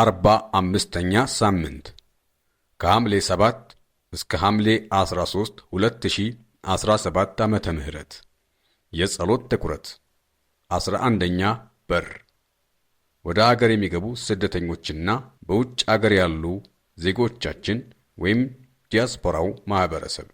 አርባ አምስተኛ ሳምንት ከሐምሌ 7 እስከ ሐምሌ 13 2017 ዓመተ ምህረት የጸሎት ትኩረት 11ኛ በር ወደ አገር የሚገቡ ስደተኞችና በውጭ አገር ያሉ ዜጎቻችን ወይም ዲያስፖራው ማህበረሰብ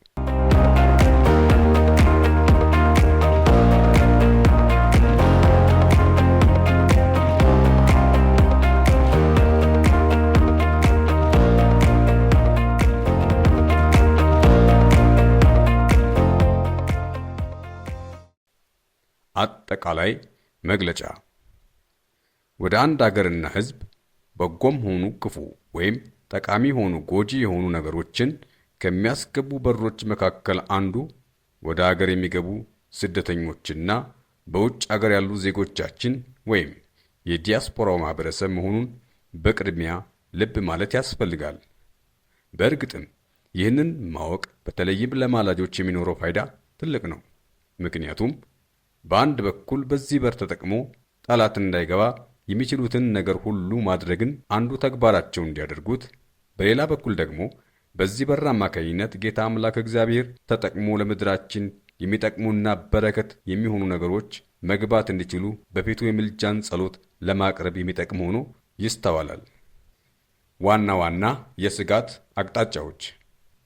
አጠቃላይ መግለጫ ወደ አንድ አገርና ሕዝብ በጎም ሆኑ ክፉ ወይም ጠቃሚ ሆኑ ጎጂ የሆኑ ነገሮችን ከሚያስገቡ በሮች መካከል አንዱ ወደ አገር የሚገቡ ስደተኞችና በውጭ አገር ያሉ ዜጎቻችን ወይም የዲያስፖራው ማህበረሰብ መሆኑን በቅድሚያ ልብ ማለት ያስፈልጋል። በእርግጥም ይህንን ማወቅ በተለይም ለማላጆች የሚኖረው ፋይዳ ትልቅ ነው። ምክንያቱም በአንድ በኩል በዚህ በር ተጠቅሞ ጠላት እንዳይገባ የሚችሉትን ነገር ሁሉ ማድረግን አንዱ ተግባራቸው እንዲያደርጉት፣ በሌላ በኩል ደግሞ በዚህ በር አማካኝነት ጌታ አምላክ እግዚአብሔር ተጠቅሞ ለምድራችን የሚጠቅሙና በረከት የሚሆኑ ነገሮች መግባት እንዲችሉ በፊቱ የምልጃን ጸሎት ለማቅረብ የሚጠቅም ሆኖ ይስተዋላል። ዋና ዋና የስጋት አቅጣጫዎች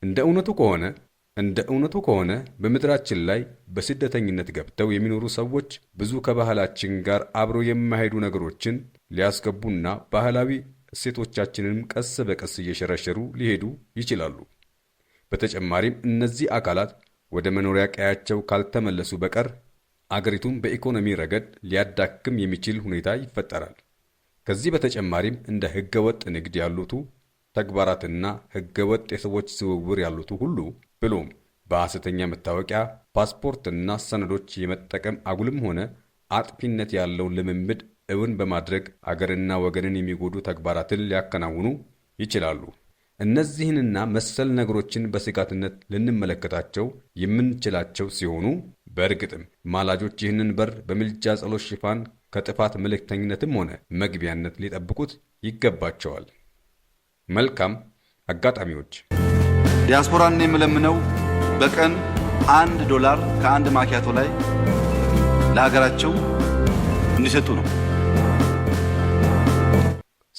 እንደ እውነቱ ከሆነ እንደ እውነቱ ከሆነ በምድራችን ላይ በስደተኝነት ገብተው የሚኖሩ ሰዎች ብዙ ከባህላችን ጋር አብረው የማይሄዱ ነገሮችን ሊያስገቡና ባህላዊ እሴቶቻችንንም ቀስ በቀስ እየሸረሸሩ ሊሄዱ ይችላሉ። በተጨማሪም እነዚህ አካላት ወደ መኖሪያ ቀያቸው ካልተመለሱ በቀር አገሪቱን በኢኮኖሚ ረገድ ሊያዳክም የሚችል ሁኔታ ይፈጠራል። ከዚህ በተጨማሪም እንደ ህገወጥ ንግድ ያሉቱ ተግባራትና ህገወጥ የሰዎች ዝውውር ያሉቱ ሁሉ ብሎም በሐሰተኛ መታወቂያ፣ ፓስፖርትና ሰነዶች የመጠቀም አጉልም ሆነ አጥፊነት ያለው ልምምድ እውን በማድረግ አገርና ወገንን የሚጎዱ ተግባራትን ሊያከናውኑ ይችላሉ። እነዚህንና መሰል ነገሮችን በስጋትነት ልንመለከታቸው የምንችላቸው ሲሆኑ በእርግጥም ማላጆች ይህንን በር በምልጃ ጸሎት ሽፋን ከጥፋት መልእክተኝነትም ሆነ መግቢያነት ሊጠብቁት ይገባቸዋል። መልካም አጋጣሚዎች ዲያስፖራን የምለምነው በቀን አንድ ዶላር ከአንድ ማኪያቶ ላይ ለሀገራቸው እንዲሰጡ ነው።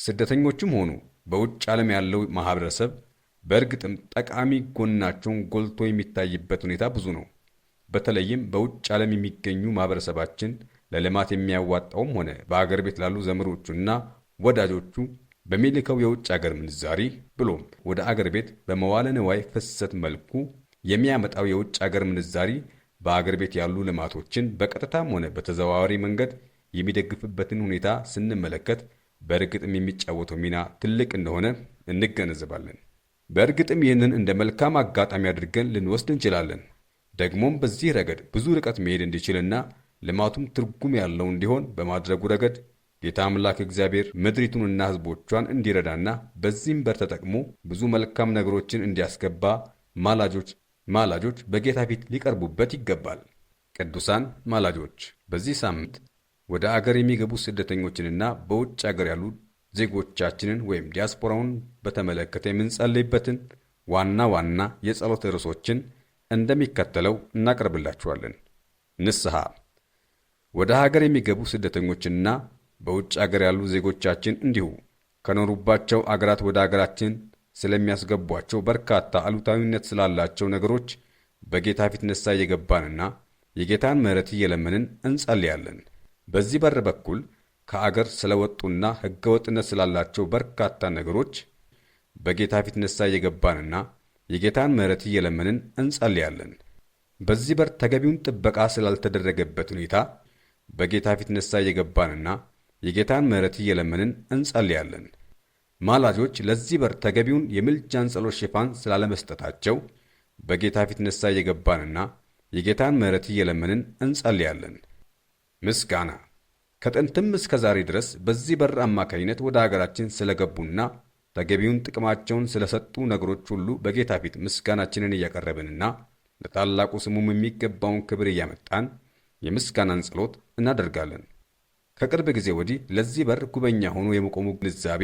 ስደተኞችም ሆኑ በውጭ ዓለም ያለው ማህበረሰብ በእርግጥም ጠቃሚ ጎናቸውን ጎልቶ የሚታይበት ሁኔታ ብዙ ነው። በተለይም በውጭ ዓለም የሚገኙ ማህበረሰባችን ለልማት የሚያዋጣውም ሆነ በአገር ቤት ላሉ ዘመዶቹና ወዳጆቹ በሚልከው የውጭ አገር ምንዛሪ ብሎም ወደ አገር ቤት በመዋለ ንዋይ ፍሰት መልኩ የሚያመጣው የውጭ አገር ምንዛሪ በአገር ቤት ያሉ ልማቶችን በቀጥታም ሆነ በተዘዋዋሪ መንገድ የሚደግፍበትን ሁኔታ ስንመለከት በእርግጥም የሚጫወተው ሚና ትልቅ እንደሆነ እንገነዘባለን። በእርግጥም ይህንን እንደ መልካም አጋጣሚ አድርገን ልንወስድ እንችላለን። ደግሞም በዚህ ረገድ ብዙ ርቀት መሄድ እንዲችልና ልማቱም ትርጉም ያለው እንዲሆን በማድረጉ ረገድ ጌታ አምላክ እግዚአብሔር ምድሪቱንና ሕዝቦቿን እንዲረዳና በዚህም በር ተጠቅሞ ብዙ መልካም ነገሮችን እንዲያስገባ ማላጆች ማላጆች በጌታ ፊት ሊቀርቡበት ይገባል። ቅዱሳን ማላጆች በዚህ ሳምንት ወደ አገር የሚገቡ ስደተኞችንና በውጭ አገር ያሉ ዜጎቻችንን ወይም ዲያስፖራውን በተመለከተ የምንጸልይበትን ዋና ዋና የጸሎት ርዕሶችን እንደሚከተለው እናቀርብላችኋለን። ንስሐ ወደ ሀገር የሚገቡ ስደተኞችና በውጭ አገር ያሉ ዜጎቻችን እንዲሁ ከኖሩባቸው አገራት ወደ አገራችን ስለሚያስገቧቸው በርካታ አሉታዊነት ስላላቸው ነገሮች በጌታ ፊት ነሳ እየገባንና የጌታን ምሕረት እየለመንን እንጸልያለን። በዚህ በር በኩል ከአገር ስለወጡና ህገወጥነት ስላላቸው በርካታ ነገሮች በጌታ ፊት ነሳ እየገባንና የጌታን ምሕረት እየለመንን እንጸልያለን። በዚህ በር ተገቢውን ጥበቃ ስላልተደረገበት ሁኔታ በጌታ ፊት ነሳ እየገባንና የጌታን ምሕረት እየለመንን እንጸልያለን። ማላጆች ለዚህ በር ተገቢውን የምልጃን ጸሎት ሽፋን ስላለመስጠታቸው በጌታ ፊት ንስሐ እየገባንና የጌታን ምሕረት እየለመንን እንጸልያለን። ምስጋና ከጥንትም እስከ ዛሬ ድረስ በዚህ በር አማካኝነት ወደ አገራችን ስለገቡና ተገቢውን ጥቅማቸውን ስለሰጡ ነገሮች ሁሉ በጌታ ፊት ምስጋናችንን እያቀረብንና ለታላቁ ስሙም የሚገባውን ክብር እያመጣን የምስጋናን ጸሎት እናደርጋለን። ከቅርብ ጊዜ ወዲህ ለዚህ በር ጉበኛ ሆኖ የመቆሙ ግንዛቤ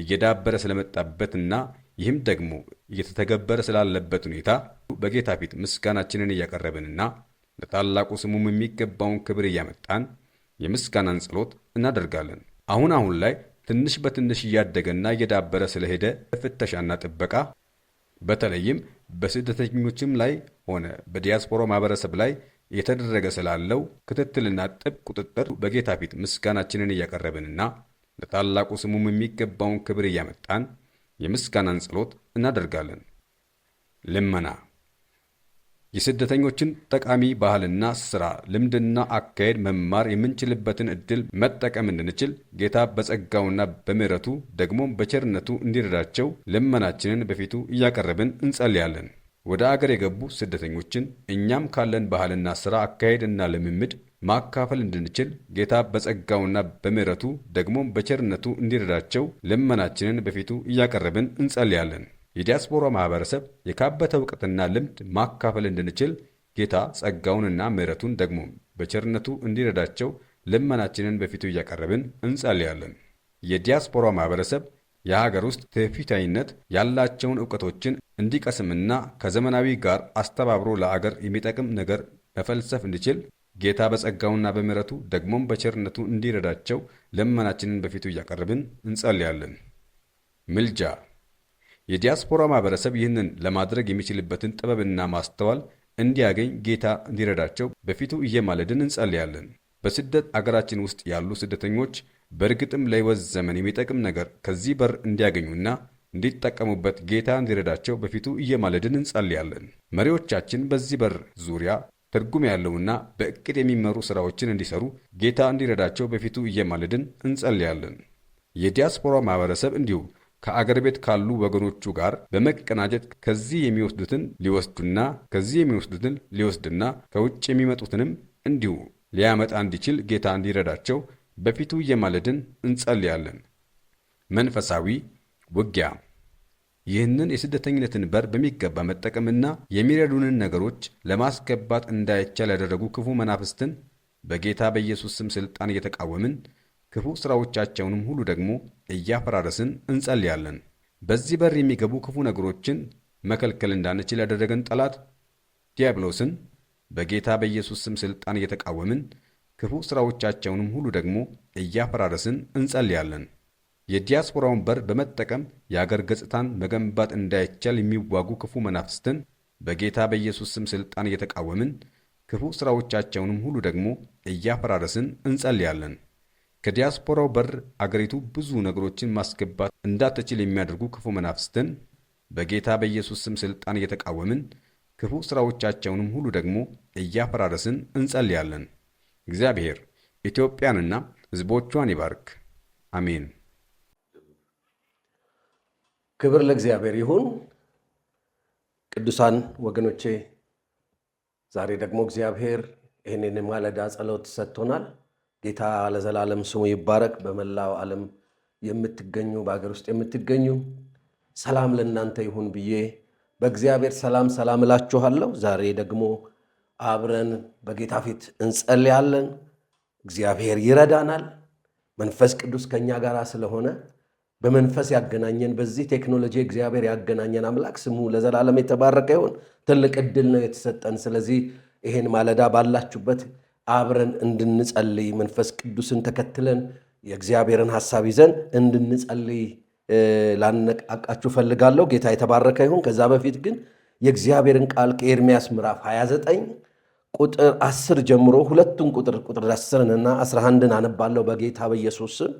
እየዳበረ ስለመጣበትና ይህም ደግሞ እየተተገበረ ስላለበት ሁኔታ በጌታ ፊት ምስጋናችንን እያቀረብንና ለታላቁ ስሙም የሚገባውን ክብር እያመጣን የምስጋናን ጸሎት እናደርጋለን። አሁን አሁን ላይ ትንሽ በትንሽ እያደገና እየዳበረ ስለሄደ ፍተሻና ጥበቃ በተለይም በስደተኞችም ላይ ሆነ በዲያስፖራ ማህበረሰብ ላይ እየተደረገ ስላለው ክትትልና ጥብቅ ቁጥጥር በጌታ ፊት ምስጋናችንን እያቀረብንና ለታላቁ ስሙም የሚገባውን ክብር እያመጣን የምስጋናን ጸሎት እናደርጋለን። ልመና የስደተኞችን ጠቃሚ ባህልና ስራ፣ ልምድና አካሄድ መማር የምንችልበትን እድል መጠቀም እንድንችል ጌታ በጸጋውና በምሕረቱ ደግሞም በቸርነቱ እንዲረዳቸው ልመናችንን በፊቱ እያቀረብን እንጸልያለን። ወደ አገር የገቡ ስደተኞችን እኛም ካለን ባህልና ስራ አካሄድና ልምምድ ማካፈል እንድንችል ጌታ በጸጋውና በምሕረቱ ደግሞም በቸርነቱ እንዲረዳቸው ልመናችንን በፊቱ እያቀረብን እንጸልያለን። የዲያስፖራ ማህበረሰብ የካበተ እውቀትና ልምድ ማካፈል እንድንችል ጌታ ጸጋውንና ምሕረቱን ደግሞም በቸርነቱ እንዲረዳቸው ልመናችንን በፊቱ እያቀረብን እንጸልያለን። የዲያስፖራ ማህበረሰብ የሀገር ውስጥ ትውፊታዊነት ያላቸውን እውቀቶችን እንዲቀስምና ከዘመናዊ ጋር አስተባብሮ ለአገር የሚጠቅም ነገር መፈልሰፍ እንዲችል ጌታ በጸጋውና በምሕረቱ ደግሞም በቸርነቱ እንዲረዳቸው ልመናችንን በፊቱ እያቀረብን እንጸልያለን። ምልጃ የዲያስፖራ ማህበረሰብ ይህንን ለማድረግ የሚችልበትን ጥበብና ማስተዋል እንዲያገኝ ጌታ እንዲረዳቸው በፊቱ እየማለድን እንጸልያለን። በስደት አገራችን ውስጥ ያሉ ስደተኞች በእርግጥም ለሕይወት ዘመን የሚጠቅም ነገር ከዚህ በር እንዲያገኙና እንዲጠቀሙበት ጌታ እንዲረዳቸው በፊቱ እየማለድን እንጸልያለን። መሪዎቻችን በዚህ በር ዙሪያ ትርጉም ያለውና በእቅድ የሚመሩ ሥራዎችን እንዲሰሩ ጌታ እንዲረዳቸው በፊቱ እየማለድን እንጸልያለን። የዲያስፖራ ማኅበረሰብ እንዲሁ ከአገር ቤት ካሉ ወገኖቹ ጋር በመቀናጀት ከዚህ የሚወስዱትን ሊወስዱና ከዚህ የሚወስዱትን ሊወስድና ከውጭ የሚመጡትንም እንዲሁ ሊያመጣ እንዲችል ጌታ እንዲረዳቸው በፊቱ እየማለድን እንጸልያለን። መንፈሳዊ ውጊያ ይህንን የስደተኝነትን በር በሚገባ መጠቀምና የሚረዱንን ነገሮች ለማስገባት እንዳይቻል ያደረጉ ክፉ መናፍስትን በጌታ በኢየሱስ ስም ሥልጣን እየተቃወምን ክፉ ሥራዎቻቸውንም ሁሉ ደግሞ እያፈራረስን እንጸልያለን። በዚህ በር የሚገቡ ክፉ ነገሮችን መከልከል እንዳንችል ያደረገን ጠላት ዲያብሎስን በጌታ በኢየሱስ ስም ሥልጣን እየተቃወምን ክፉ ሥራዎቻቸውንም ሁሉ ደግሞ እያፈራረስን እንጸልያለን። የዲያስፖራውን በር በመጠቀም የአገር ገጽታን መገንባት እንዳይቻል የሚዋጉ ክፉ መናፍስትን በጌታ በኢየሱስ ስም ሥልጣን እየተቃወምን ክፉ ሥራዎቻቸውንም ሁሉ ደግሞ እያፈራረስን እንጸልያለን። ከዲያስፖራው በር አገሪቱ ብዙ ነገሮችን ማስገባት እንዳትችል የሚያደርጉ ክፉ መናፍስትን በጌታ በኢየሱስ ስም ሥልጣን እየተቃወምን ክፉ ሥራዎቻቸውንም ሁሉ ደግሞ እያፈራረስን እንጸልያለን። እግዚአብሔር ኢትዮጵያንና ሕዝቦቿን ይባርክ፣ አሜን። ክብር ለእግዚአብሔር ይሁን። ቅዱሳን ወገኖቼ ዛሬ ደግሞ እግዚአብሔር ይህንን ማለዳ ጸሎት ሰጥቶናል። ጌታ ለዘላለም ስሙ ይባረክ። በመላው ዓለም የምትገኙ በሀገር ውስጥ የምትገኙ ሰላም ለእናንተ ይሁን ብዬ በእግዚአብሔር ሰላም ሰላም እላችኋለሁ። ዛሬ ደግሞ አብረን በጌታ ፊት እንጸልያለን። እግዚአብሔር ይረዳናል። መንፈስ ቅዱስ ከእኛ ጋር ስለሆነ በመንፈስ ያገናኘን በዚህ ቴክኖሎጂ እግዚአብሔር ያገናኘን አምላክ ስሙ ለዘላለም የተባረቀ ይሁን። ትልቅ እድል ነው የተሰጠን። ስለዚህ ይሄን ማለዳ ባላችሁበት አብረን እንድንጸልይ መንፈስ ቅዱስን ተከትለን የእግዚአብሔርን ሐሳብ ይዘን እንድንጸልይ ላነቃቃችሁ ፈልጋለሁ። ጌታ የተባረከ ይሁን። ከዛ በፊት ግን የእግዚአብሔርን ቃል ከኤርሚያስ ምዕራፍ 29 ቁጥር አስር ጀምሮ ሁለቱን ቁጥር ቁጥር አስርንና አስራ አንድን አነባለሁ በጌታ በኢየሱስ ስም።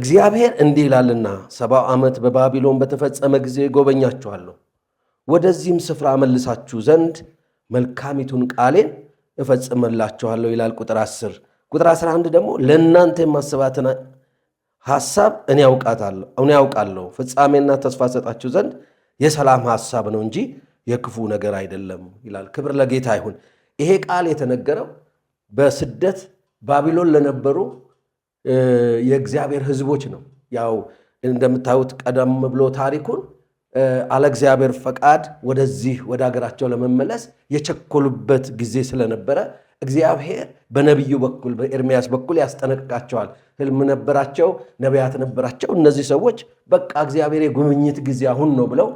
እግዚአብሔር እንዲህ ይላልና ሰባው ዓመት በባቢሎን በተፈጸመ ጊዜ ጎበኛችኋለሁ፣ ወደዚህም ስፍራ መልሳችሁ ዘንድ መልካሚቱን ቃሌን እፈጽምላችኋለሁ ይላል። ቁጥር አስር ቁጥር 11 ደግሞ ለእናንተ የማስባትን ሐሳብ እኔ ያውቃታለሁ እኔ ያውቃለሁ ፍጻሜና ተስፋ ሰጣችሁ ዘንድ የሰላም ሐሳብ ነው እንጂ የክፉ ነገር አይደለም ይላል። ክብር ለጌታ ይሁን። ይሄ ቃል የተነገረው በስደት ባቢሎን ለነበሩ የእግዚአብሔር ሕዝቦች ነው። ያው እንደምታዩት ቀደም ብሎ ታሪኩን አለ እግዚአብሔር ፈቃድ ወደዚህ ወደ ሀገራቸው ለመመለስ የቸኮሉበት ጊዜ ስለነበረ እግዚአብሔር በነቢዩ በኩል በኤርሚያስ በኩል ያስጠነቅቃቸዋል። ህልም ነበራቸው፣ ነቢያት ነበራቸው። እነዚህ ሰዎች በቃ እግዚአብሔር የጉብኝት ጊዜ አሁን ነው ብለው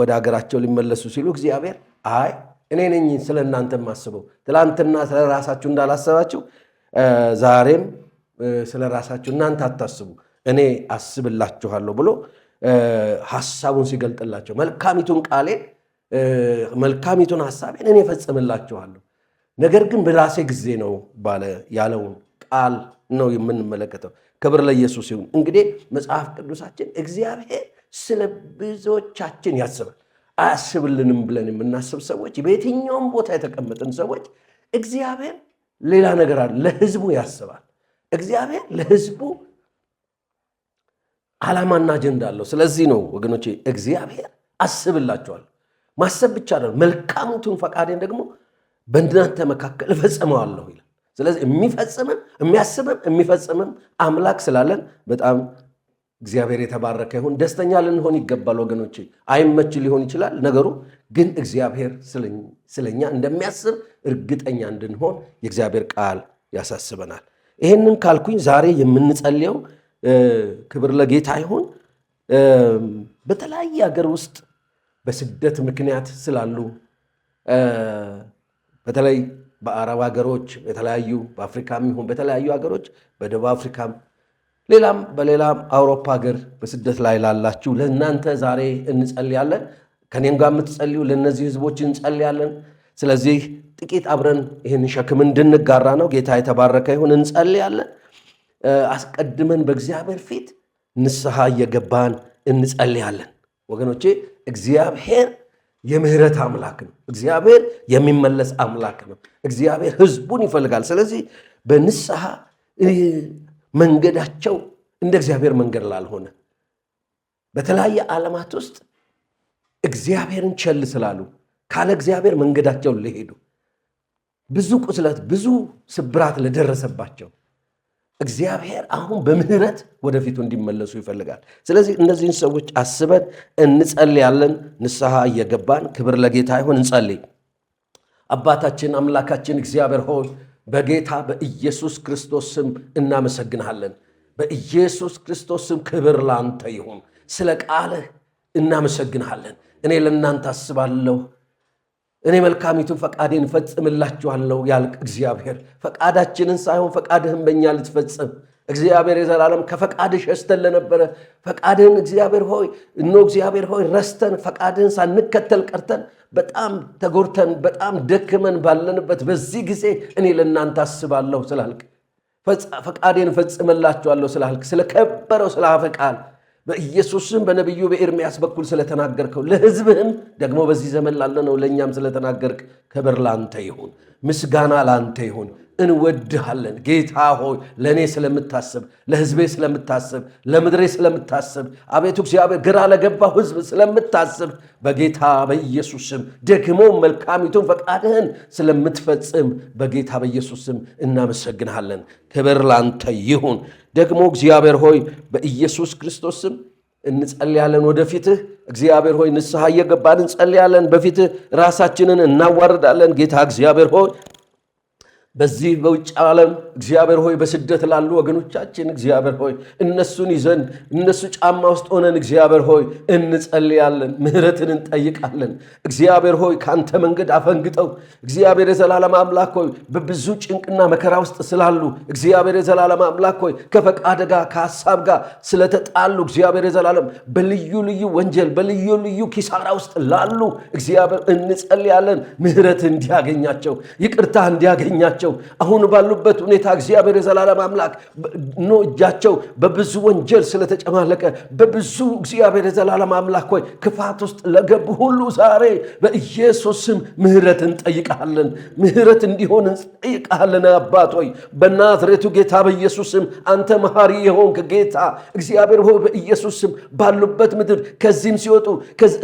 ወደ ሀገራቸው ሊመለሱ ሲሉ እግዚአብሔር አይ እኔ ነኝ ስለ እናንተ የማስበው። ትላንትና ስለ ራሳችሁ እንዳላሰባችሁ ዛሬም ስለ ራሳችሁ እናንተ አታስቡ፣ እኔ አስብላችኋለሁ ብሎ ሀሳቡን ሲገልጥላቸው መልካሚቱን ቃሌን መልካሚቱን ሀሳቤን እኔ እፈጽምላችኋለሁ፣ ነገር ግን በራሴ ጊዜ ነው ባለ ያለውን ቃል ነው የምንመለከተው። ክብር ለኢየሱስ ይሁን። እንግዲህ መጽሐፍ ቅዱሳችን እግዚአብሔር ስለ ብዙዎቻችን ያስባል። አያስብልንም ብለን የምናስብ ሰዎች፣ በየትኛውም ቦታ የተቀመጥን ሰዎች እግዚአብሔር ሌላ ነገር አለ፣ ለህዝቡ ያስባል። እግዚአብሔር ለህዝቡ ዓላማና አጀንዳ አለው። ስለዚህ ነው ወገኖቼ እግዚአብሔር አስብላቸዋል። ማሰብ ብቻ አይደለም፣ መልካሙቱን ፈቃዴን ደግሞ በእናንተ መካከል እፈጽመዋለሁ ይላል። ስለዚህ የሚፈጽምም የሚያስብም የሚፈጽምም አምላክ ስላለን በጣም እግዚአብሔር የተባረከ ይሁን። ደስተኛ ልንሆን ይገባል ወገኖች። አይመች ሊሆን ይችላል ነገሩ፣ ግን እግዚአብሔር ስለኛ እንደሚያስብ እርግጠኛ እንድንሆን የእግዚአብሔር ቃል ያሳስበናል። ይህንን ካልኩኝ ዛሬ የምንጸልየው ክብር ለጌታ ይሁን። በተለያየ ሀገር ውስጥ በስደት ምክንያት ስላሉ በተለይ በአረብ ሀገሮች፣ የተለያዩ በአፍሪካም ይሁን በተለያዩ ሀገሮች በደቡብ አፍሪካም ሌላም በሌላም አውሮፓ ሀገር በስደት ላይ ላላችሁ ለእናንተ ዛሬ እንጸልያለን። ከኔም ጋር የምትጸልዩ ለእነዚህ ህዝቦች እንጸልያለን። ስለዚህ ጥቂት አብረን ይህን ሸክም እንድንጋራ ነው። ጌታ የተባረከ ይሁን። እንጸልያለን። አስቀድመን በእግዚአብሔር ፊት ንስሐ እየገባን እንጸልያለን። ወገኖቼ እግዚአብሔር የምህረት አምላክ ነው። እግዚአብሔር የሚመለስ አምላክ ነው። እግዚአብሔር ህዝቡን ይፈልጋል። ስለዚህ በንስሐ መንገዳቸው እንደ እግዚአብሔር መንገድ ላልሆነ በተለያየ ዓለማት ውስጥ እግዚአብሔርን ቸል ስላሉ ካለ እግዚአብሔር መንገዳቸውን ለሄዱ ብዙ ቁስለት፣ ብዙ ስብራት ለደረሰባቸው እግዚአብሔር አሁን በምህረት ወደፊቱ እንዲመለሱ ይፈልጋል። ስለዚህ እነዚህን ሰዎች አስበን እንጸልያለን። ንስሐ እየገባን ክብር ለጌታ ይሁን። እንጸልይ። አባታችን አምላካችን እግዚአብሔር ሆይ በጌታ በኢየሱስ ክርስቶስ ስም እናመሰግንሃለን። በኢየሱስ ክርስቶስ ስም ክብር ላንተ ይሁን። ስለ ቃልህ እናመሰግንሃለን። እኔ ለእናንተ አስባለሁ። እኔ መልካሚቱን ፈቃዴን እፈጽምላችኋለሁ ያልክ እግዚአብሔር ፈቃዳችንን ሳይሆን ፈቃድህን በእኛ ልትፈጽም እግዚአብሔር የዘላለም ከፈቃድ ሸስተን ለነበረ ፈቃድህን እግዚአብሔር ሆይ እኖ እግዚአብሔር ሆይ ረስተን ፈቃድህን ሳንከተል ቀርተን በጣም ተጎድተን በጣም ደክመን ባለንበት በዚህ ጊዜ እኔ ለእናንተ አስባለሁ ስላልክ ፈቃዴን ፈጽመላችኋለሁ ስላልክ ስለከበረው ከበረው በኢየሱስም በነቢዩ በኤርምያስ በኩል ስለተናገርከው ለሕዝብህም ደግሞ በዚህ ዘመን ላለነው ለእኛም ስለተናገርክ ክብር ላንተ ይሁን፣ ምስጋና ላንተ ይሁን። እንወድሃለን ጌታ ሆይ፣ ለእኔ ስለምታስብ፣ ለሕዝቤ ስለምታስብ፣ ለምድሬ ስለምታስብ፣ አቤቱ እግዚአብሔር ግራ ለገባው ሕዝብ ስለምታስብ፣ በጌታ በኢየሱስም ደግሞ መልካሚቱን ፈቃድህን ስለምትፈጽም በጌታ በኢየሱስም እናመሰግንሃለን። ክብር ላንተ ይሁን። ደግሞ እግዚአብሔር ሆይ በኢየሱስ ክርስቶስ ስም እንጸልያለን። ወደፊትህ እግዚአብሔር ሆይ ንስሐ እየገባን እንጸልያለን። በፊትህ ራሳችንን እናዋርዳለን። ጌታ እግዚአብሔር ሆይ በዚህ በውጭ ዓለም እግዚአብሔር ሆይ በስደት ላሉ ወገኖቻችን እግዚአብሔር ሆይ እነሱን ይዘን እነሱ ጫማ ውስጥ ሆነን እግዚአብሔር ሆይ እንጸልያለን፣ ምሕረትን እንጠይቃለን። እግዚአብሔር ሆይ ከአንተ መንገድ አፈንግጠው እግዚአብሔር የዘላለም አምላክ ሆይ በብዙ ጭንቅና መከራ ውስጥ ስላሉ እግዚአብሔር የዘላለም አምላክ ሆይ ከፈቃድ ጋር ከሀሳብ ጋር ስለተጣሉ እግዚአብሔር የዘላለም በልዩ ልዩ ወንጀል በልዩ ልዩ ኪሳራ ውስጥ ላሉ እግዚአብሔር እንጸልያለን፣ ምሕረት እንዲያገኛቸው ይቅርታ እንዲያገኛቸው ናቸው። አሁን ባሉበት ሁኔታ እግዚአብሔር የዘላለም አምላክ ኖ እጃቸው በብዙ ወንጀል ስለተጨማለቀ በብዙ እግዚአብሔር የዘላለም አምላክ ሆይ ክፋት ውስጥ ለገቡ ሁሉ ዛሬ በኢየሱስ ስም ምሕረት እንጠይቃለን። ምሕረት እንዲሆን እንጠይቃለን። አባት ሆይ በናዝሬቱ ጌታ በኢየሱስ ስም አንተ መሐሪ የሆንክ ጌታ እግዚአብሔር ሆይ በኢየሱስ ስም ባሉበት ምድር ከዚህም ሲወጡ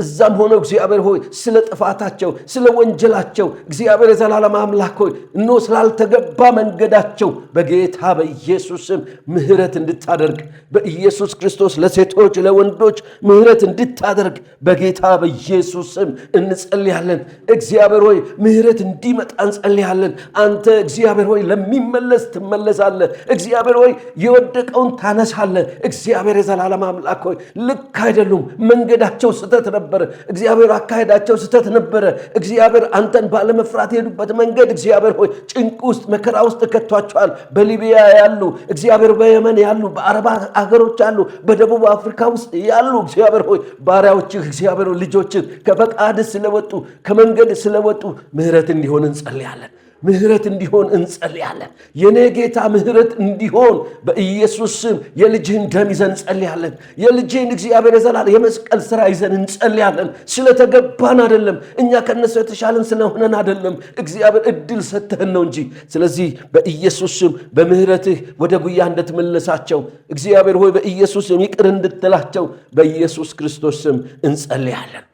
እዛም ሆነው እግዚአብሔር ሆይ ስለ ጥፋታቸው ስለ ወንጀላቸው እግዚአብሔር የዘላለም አምላክ ሆይ እኖ ስላል ባልተገባ መንገዳቸው በጌታ በኢየሱስም ምሕረት እንድታደርግ በኢየሱስ ክርስቶስ ለሴቶች ለወንዶች ምሕረት እንድታደርግ በጌታ በኢየሱስም እንጸልያለን። እግዚአብሔር ሆይ ምሕረት እንዲመጣ እንጸልያለን። አንተ እግዚአብሔር ሆይ ለሚመለስ ትመለሳለህ። እግዚአብሔር ሆይ የወደቀውን ታነሳለህ። እግዚአብሔር የዘላለም አምላክ ሆይ ልክ አይደሉም። መንገዳቸው ስተት ነበረ። እግዚአብሔር አካሄዳቸው ስተት ነበረ። እግዚአብሔር አንተን ባለመፍራት የሄዱበት መንገድ እግዚአብሔር ሆይ ጭንቅ ውስጥ መከራ ውስጥ ከቷቸዋል። በሊቢያ ያሉ እግዚአብሔር፣ በየመን ያሉ፣ በአረባ አገሮች አሉ፣ በደቡብ አፍሪካ ውስጥ ያሉ እግዚአብሔር ሆይ ባሪያዎችህ እግዚአብሔር ልጆችህ ከፈቃድ ስለወጡ ከመንገድ ስለወጡ ምሕረት እንዲሆን እንጸልያለን። ምህረት እንዲሆን እንጸልያለን። የኔ ጌታ ምህረት እንዲሆን በኢየሱስ ስም የልጅህን ደም ይዘን እንጸልያለን። የልጅህን እግዚአብሔር የዘላለም የመስቀል ስራ ይዘን እንጸልያለን። ስለተገባን አይደለም፣ እኛ ከነሱ የተሻለን ስለሆነን አይደለም። እግዚአብሔር እድል ሰጥተህን ነው እንጂ። ስለዚህ በኢየሱስ ስም በምህረትህ ወደ ጉያ እንድትመልሳቸው እግዚአብሔር ሆይ በኢየሱስ ስም ይቅር እንድትላቸው በኢየሱስ ክርስቶስ ስም እንጸልያለን።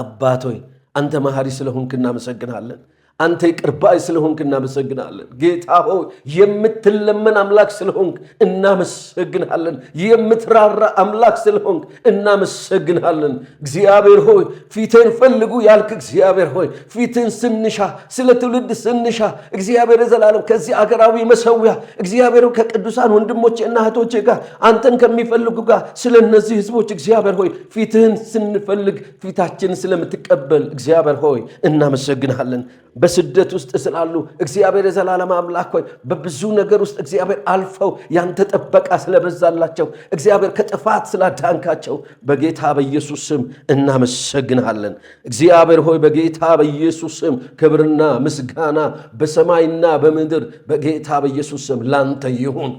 አባት ሆይ አንተ መሐሪ ስለሆንክ እናመሰግናለን። አንተ ይቅር ስለሆንክ እናመሰግናለን። ጌታ ሆይ የምትለመን አምላክ ስለሆንክ እናመሰግናለን። የምትራራ አምላክ ስለሆንክ እናመሰግናለን። እግዚአብሔር ሆይ ፊትን ፈልጉ ያልክ እግዚአብሔር ሆይ ፊትን ስንሻ ስለ ትውልድ ስንሻ እግዚአብሔር ዘላለም ከዚህ አገራዊ መሰዊያ እግዚአብሔር ከቅዱሳን ወንድሞቼ እና እህቶቼ ጋር አንተን ከሚፈልጉ ጋር ስለ እነዚህ ህዝቦች እግዚአብሔር ሆይ ፊትህን ስንፈልግ ፊታችን ስለምትቀበል እግዚአብሔር ሆይ እናመሰግናለን። በስደት ውስጥ ስላሉ እግዚአብሔር የዘላለም አምላክ ሆይ በብዙ ነገር ውስጥ እግዚአብሔር አልፈው ያንተ ጥበቃ ስለበዛላቸው እግዚአብሔር ከጥፋት ስላዳንካቸው በጌታ በኢየሱስ ስም እናመሰግናለን። እግዚአብሔር ሆይ በጌታ በኢየሱስ ስም ክብርና ምስጋና በሰማይና በምድር በጌታ በኢየሱስ ስም ላንተ ይሁን።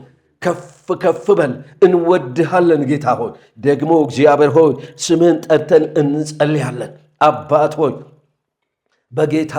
ከፍ ከፍ በል እንወድሃለን። ጌታ ሆይ ደግሞ እግዚአብሔር ሆይ ስምህን ጠርተን እንጸልያለን። አባት ሆይ በጌታ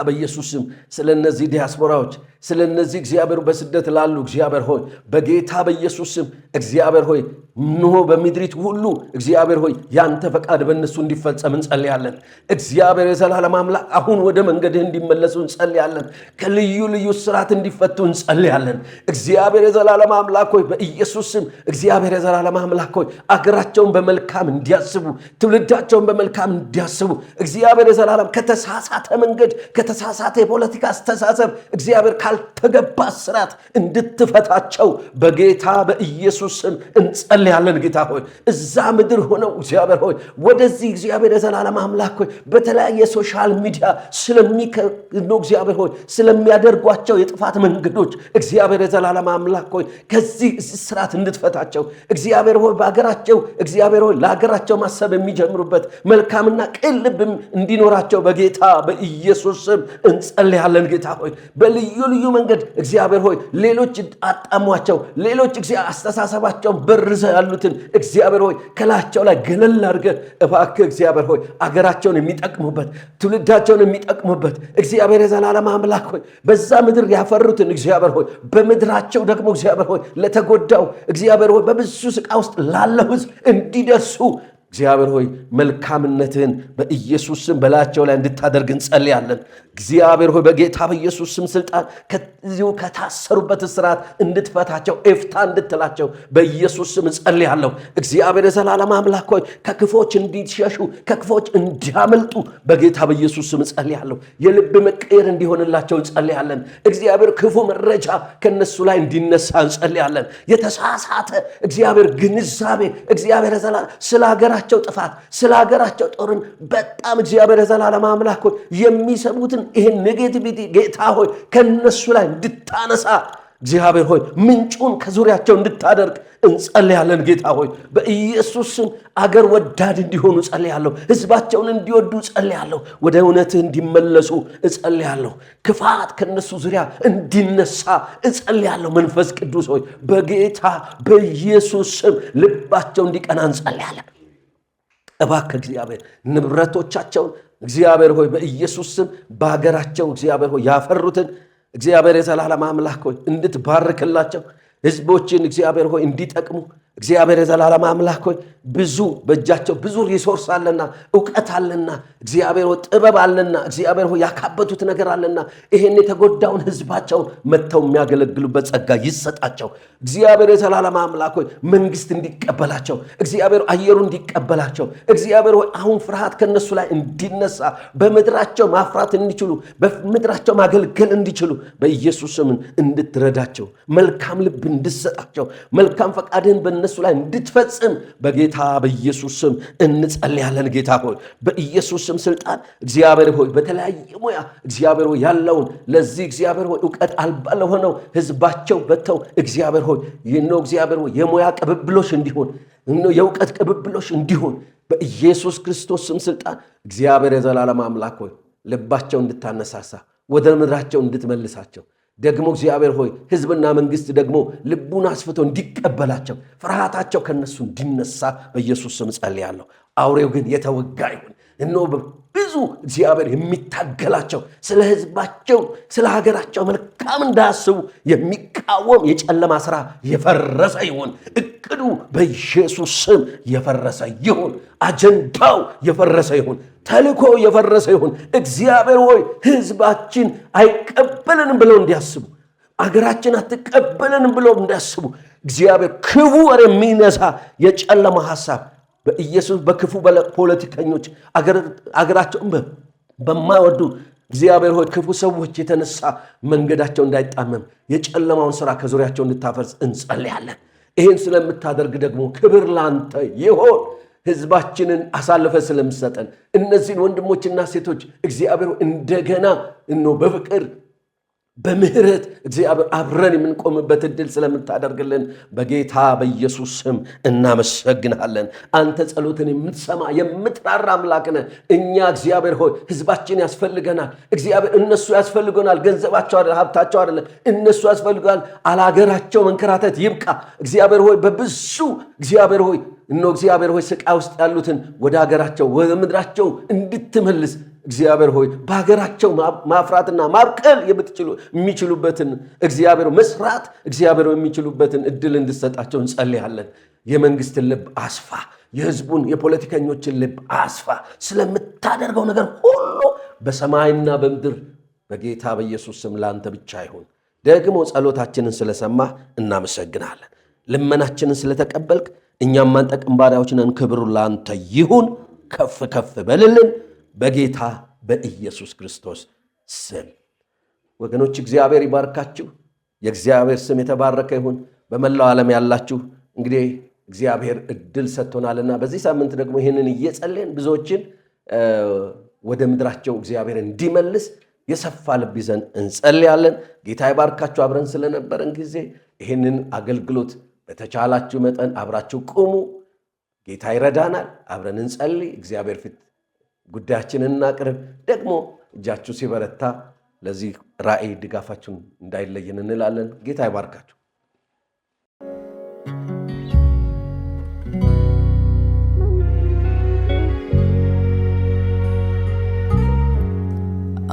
ስም ስለ እነዚህ ዲያስፖራዎች ስለ እነዚህ እግዚአብሔር በስደት ላሉ እግዚአብሔር ሆይ በጌታ በኢየሱስ ስም እግዚአብሔር ሆይ እንሆ በምድሪት ሁሉ እግዚአብሔር ሆይ ያንተ ፈቃድ በእነሱ እንዲፈጸም እንጸልያለን። እግዚአብሔር የዘላለም አምላክ አሁን ወደ መንገድህ እንዲመለሱ እንጸልያለን። ከልዩ ልዩ ስርዓት እንዲፈቱ እንጸልያለን። እግዚአብሔር የዘላለም አምላክ ሆይ በኢየሱስ ስም እግዚአብሔር የዘላለም አምላክ ሆይ አገራቸውን በመልካም እንዲያስቡ፣ ትውልዳቸውን በመልካም እንዲያስቡ እግዚአብሔር የዘላለም ከተሳሳተ መንገድ ከተሳሳተ የፖለቲካ አስተሳሰብ እግዚአብሔር ካልተገባ ስራት እንድትፈታቸው በጌታ በኢየሱስ ስም እንጸልያለን። ጌታ ሆይ እዛ ምድር ሆነው እግዚአብሔር ሆይ ወደዚህ እግዚአብሔር የዘላለም አምላክ ሆይ በተለያየ ሶሻል ሚዲያ ስለሚከኖ እግዚአብሔር ሆይ ስለሚያደርጓቸው የጥፋት መንገዶች እግዚአብሔር የዘላለም አምላክ ሆይ ከዚህ ስራት እንድትፈታቸው እግዚአብሔር ሆይ በሀገራቸው እግዚአብሔር ሆይ ለሀገራቸው ማሰብ የሚጀምሩበት መልካምና ቅን ልብም እንዲኖራቸው በጌታ በኢየሱስ ስም እንጸልያለን። ጌታ ሆይ በልዩ በልዩ መንገድ እግዚአብሔር ሆይ ሌሎች አጣሟቸው፣ ሌሎች አስተሳሰባቸውን በርዘ ያሉትን እግዚአብሔር ሆይ ከላቸው ላይ ገለል አድርገ እባክ እግዚአብሔር ሆይ አገራቸውን የሚጠቅሙበት ትውልዳቸውን የሚጠቅሙበት እግዚአብሔር የዘላለም አምላክ ሆይ በዛ ምድር ያፈሩትን እግዚአብሔር ሆይ በምድራቸው ደግሞ እግዚአብሔር ሆይ ለተጎዳው እግዚአብሔር ሆይ በብዙ ስቃ ውስጥ ላለው ህዝብ እንዲደርሱ እግዚአብሔር ሆይ መልካምነትህን በኢየሱስ ስም በላያቸው ላይ እንድታደርግ እንጸልያለን። እግዚአብሔር ሆይ በጌታ በኢየሱስ ስም ስልጣን ከዚሁ ከታሰሩበት ስርዓት እንድትፈታቸው ኤፍታ እንድትላቸው በኢየሱስ ስም እንጸልያለሁ። እግዚአብሔር የዘላለም አምላክ ሆይ ከክፎች እንዲሸሹ ከክፎች እንዲያመልጡ በጌታ በኢየሱስ ስም እንጸልያለሁ። የልብ መቀየር እንዲሆንላቸው እንጸልያለን። እግዚአብሔር ክፉ መረጃ ከነሱ ላይ እንዲነሳ እንጸልያለን። የተሳሳተ እግዚአብሔር ግንዛቤ እግዚአብሔር ስለ ሀገራ ሀገራቸው ጥፋት፣ ስለ ሀገራቸው ጦርን በጣም እግዚአብሔር የዘላለም አምላክ ሆይ የሚሰሙትን ይህን ኔጌቲቪቲ ጌታ ሆይ ከነሱ ላይ እንድታነሳ እግዚአብሔር ሆይ ምንጩን ከዙሪያቸው እንድታደርግ እንጸልያለን። ጌታ ሆይ በኢየሱስ ስም አገር ወዳድ እንዲሆኑ ጸልያለሁ። ሕዝባቸውን እንዲወዱ ጸልያለሁ። ወደ እውነትህ እንዲመለሱ እጸልያለሁ። ክፋት ከነሱ ዙሪያ እንዲነሳ እጸልያለሁ። መንፈስ ቅዱስ ሆይ በጌታ በኢየሱስ ስም ልባቸው እንዲቀና እንጸልያለን። እባክ እግዚአብሔር ንብረቶቻቸውን እግዚአብሔር ሆይ በኢየሱስ ስም በሀገራቸው እግዚአብሔር ሆይ ያፈሩትን እግዚአብሔር የዘላለም አምላክ ሆይ እንድትባርክላቸው ህዝቦችን እግዚአብሔር ሆይ እንዲጠቅሙ እግዚአብሔር የዘላለም አምላክ ሆይ ብዙ በእጃቸው ብዙ ሪሶርስ አለና እውቀት አለና እግዚአብሔር ጥበብ አለና እግዚአብሔር ሆይ ያካበቱት ነገር አለና ይሄን የተጎዳውን ሕዝባቸውን መጥተው የሚያገለግሉበት ጸጋ ይሰጣቸው። እግዚአብሔር የዘላለም አምላክ ሆይ መንግስት እንዲቀበላቸው እግዚአብሔር አየሩ እንዲቀበላቸው እግዚአብሔር ሆይ አሁን ፍርሃት ከነሱ ላይ እንዲነሳ በምድራቸው ማፍራት እንዲችሉ በምድራቸው ማገልገል እንዲችሉ በኢየሱስ እንድትረዳቸው መልካም ልብ እንድሰጣቸው መልካም ፈቃድህን በነ በእነሱ ላይ እንድትፈጽም በጌታ በኢየሱስ ስም እንጸልያለን። ጌታ ሆይ በኢየሱስ ስም ስልጣን እግዚአብሔር ሆይ በተለያየ ሙያ እግዚአብሔር ሆይ ያለውን ለዚህ እግዚአብሔር ሆይ እውቀት አልባ ለሆነው ህዝባቸው በተው እግዚአብሔር ሆይ ይህን እግዚአብሔር ሆይ የሙያ ቅብብሎች እንዲሆን የእውቀት ቅብብሎች እንዲሆን በኢየሱስ ክርስቶስ ስም ስልጣን እግዚአብሔር የዘላለም አምላክ ሆይ ልባቸው እንድታነሳሳ ወደ ምድራቸው እንድትመልሳቸው ደግሞ እግዚአብሔር ሆይ ሕዝብና መንግስት ደግሞ ልቡን አስፍቶ እንዲቀበላቸው ፍርሃታቸው ከነሱ እንዲነሳ በኢየሱስ ስም ጸልያለሁ። አውሬው ግን የተወጋ ይሁን። እነሆ ብዙ እግዚአብሔር የሚታገላቸው ስለ ህዝባቸው፣ ስለ ሀገራቸው መልካም እንዳያስቡ የሚቃወም የጨለማ ስራ የፈረሰ ይሁን። እቅዱ በኢየሱስ ስም የፈረሰ ይሁን። አጀንዳው የፈረሰ ይሁን። ተልኮ የፈረሰ ይሁን። እግዚአብሔር ሆይ ህዝባችን አይቀበልንም ብለው እንዲያስቡ አገራችን አትቀበልንም ብለው እንዲያስቡ እግዚአብሔር ክቡር የሚነሳ የጨለማ ሀሳብ። በኢየሱስ በክፉ ፖለቲከኞች አገራቸውን በማይወዱ እግዚአብሔር ሆይ ክፉ ሰዎች የተነሳ መንገዳቸው እንዳይጣመም የጨለማውን ስራ ከዙሪያቸው እንድታፈርስ እንጸልያለን። ይህን ስለምታደርግ ደግሞ ክብር ላንተ ይሆን። ህዝባችንን አሳልፈ ስለምሰጠን እነዚህን ወንድሞችና ሴቶች እግዚአብሔር እንደገና እኖ በፍቅር በምህረት እግዚአብሔር አብረን የምንቆምበት እድል ስለምታደርግልን በጌታ በኢየሱስ ስም እናመሰግናለን። አንተ ጸሎትን የምትሰማ የምትራራ አምላክ ነህ። እኛ እግዚአብሔር ሆይ ህዝባችን ያስፈልገናል። እግዚአብሔር እነሱ ያስፈልገናል። ገንዘባቸው አይደለ፣ ሀብታቸው አይደለ፣ እነሱ ያስፈልገናል። አላገራቸው መንከራተት ይብቃ። እግዚአብሔር ሆይ በብዙ እግዚአብሔር ሆይ እኖ እግዚአብሔር ሆይ ስቃይ ውስጥ ያሉትን ወደ ሀገራቸው ወደ ምድራቸው እንድትመልስ እግዚአብሔር ሆይ በሀገራቸው ማፍራትና ማብቀል የሚችሉበትን እግዚአብሔር መስራት እግዚአብሔር የሚችሉበትን እድል እንድሰጣቸው እንጸልያለን። የመንግስትን ልብ አስፋ፣ የህዝቡን የፖለቲከኞችን ልብ አስፋ። ስለምታደርገው ነገር ሁሉ በሰማይና በምድር በጌታ በኢየሱስ ስም ለአንተ ብቻ ይሁን። ደግሞ ጸሎታችንን ስለሰማህ እናመሰግናለን። ልመናችንን ስለተቀበልክ እኛም ማንጠቅም ባሪያዎች ነን። ክብሩ ላንተ ይሁን፣ ከፍ ከፍ በልልን በጌታ በኢየሱስ ክርስቶስ ስም። ወገኖች እግዚአብሔር ይባርካችሁ። የእግዚአብሔር ስም የተባረከ ይሁን። በመላው ዓለም ያላችሁ እንግዲህ እግዚአብሔር እድል ሰጥቶናልና በዚህ ሳምንት ደግሞ ይህንን እየጸለይን ብዙዎችን ወደ ምድራቸው እግዚአብሔር እንዲመልስ የሰፋ ልብ ይዘን እንጸልያለን። ጌታ ይባርካችሁ። አብረን ስለነበረን ጊዜ ይህንን አገልግሎት በተቻላችሁ መጠን አብራችሁ ቁሙ። ጌታ ይረዳናል። አብረን እንጸልይ። እግዚአብሔር ፊት ጉዳያችንን እናቅርብ። ደግሞ እጃችሁ ሲበረታ ለዚህ ራእይ ድጋፋችሁን እንዳይለየን እንላለን። ጌታ ይባርካችሁ።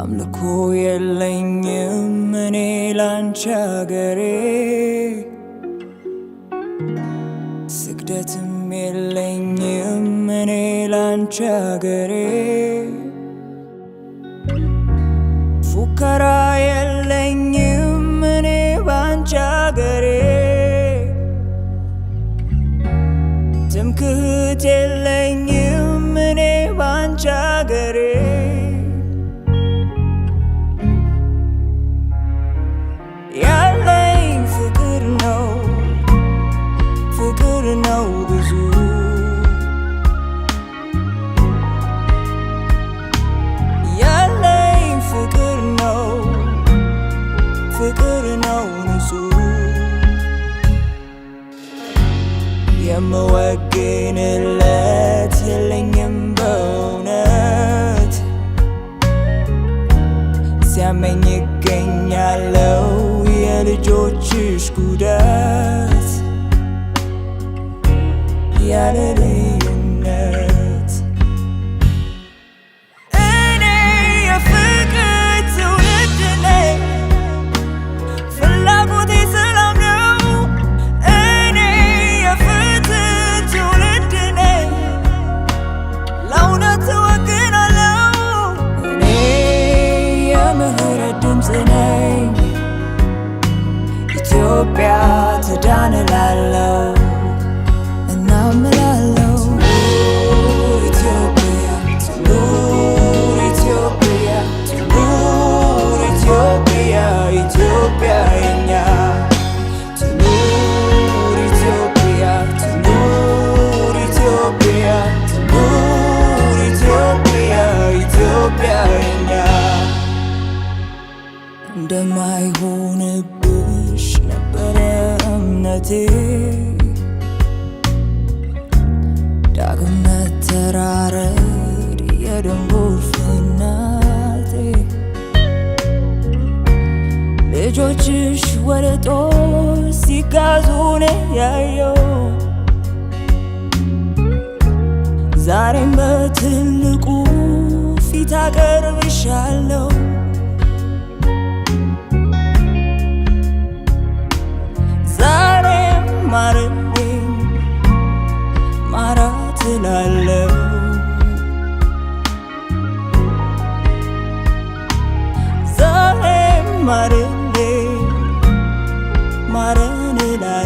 አምልኮ የለኝም እኔ ላንቺ አገሬ የለኝም እኔ ላንቺ አገሬ மறந்தே மறந்துடாய்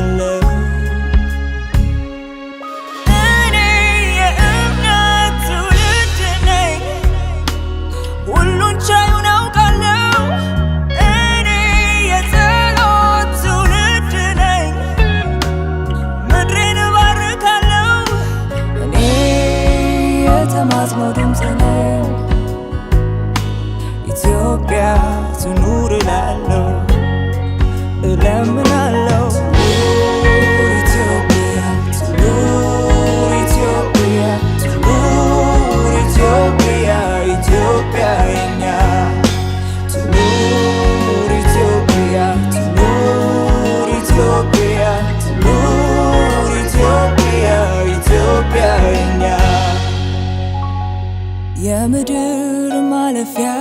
ከምድር ማለፊያ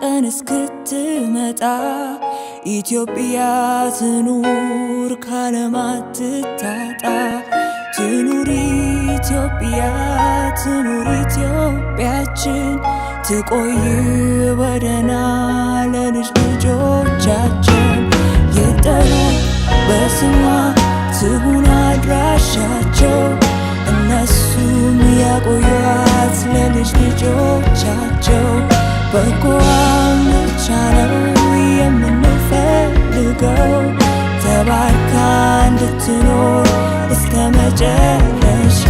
ቀን እስክትመጣ ኢትዮጵያ ትኑር ካለማ ትታጣ። ትኑር ኢትዮጵያ ትኑር ኢትዮጵያችን ትቆይ በደና ለልጅ ልጆቻችን ይጠሩ በስሟ ትሁን አድራሻቸው ቤቱን ያቆዩት ለልጅ ልጆቻቸው በጎን የምንፈልገው። ተባርካ እንድትኖር እስከ መጨረሻ